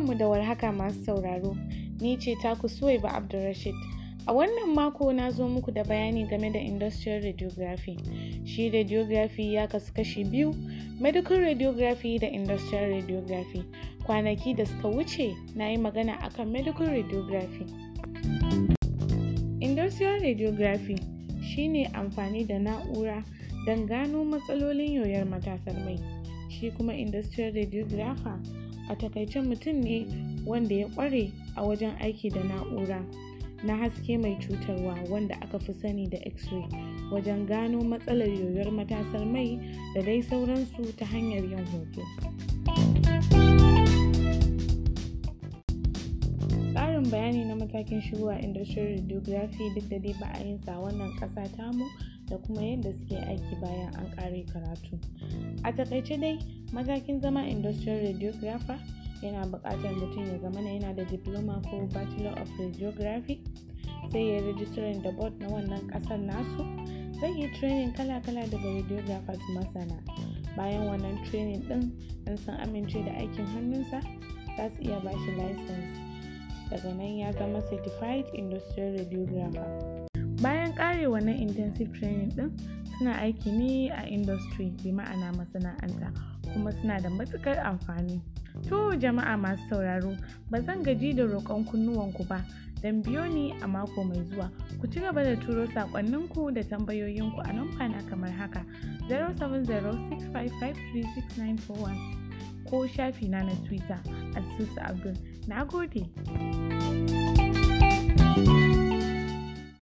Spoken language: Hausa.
mu da warhaka masu sauraro, ni ce taku Suwaiba Abdulrashid. A wannan mako na zo muku da bayani game da industrial radiography. Shi radiography ya kasu kashi biyu, medical radiography da industrial radiography. Kwanaki da suka wuce na yi magana akan medical radiography. Industrial radiography shi ne amfani da na'ura don gano matsalolin yoyar matasan mai. Shi kuma industrial radiographer a takaice mutum ne wanda ya ƙware a wajen aiki da na'ura na haske mai cutarwa wanda aka fi sani da x-ray wajen gano matsalar yoyon matasar mai da dai sauransu ta hanyar yin hoto ƙarin bayani na matakin shigo a industrial radiography duk da dai ba a yin sa wannan ƙasa tamu da kuma yadda suke aiki bayan an ƙare karatu a takaice dai mazakin zama industrial radiographer yana bukatar mutum ya zama na yana da diploma ko bachelor of radiography sai ya in da board na wannan ƙasar nasu zai yi training kala-kala daga radiographers masana bayan wannan training din an san amince da aikin hannunsa za su iya ba shi license daga nan ya zama certified industrial radiographer bayan kare wannan intensive training ɗin suna aiki ne a industry bi ma'ana masana'anta kuma suna da matukar amfani to jama'a masu sauraro ba zan gaji da roƙon kunnuwanku ba don biyo ni a mako mai zuwa ku ci gaba da turo saƙonninku da tambayoyinku a numfana kamar haka 0706553691 ko shafi na na twitter asusu abdul na gode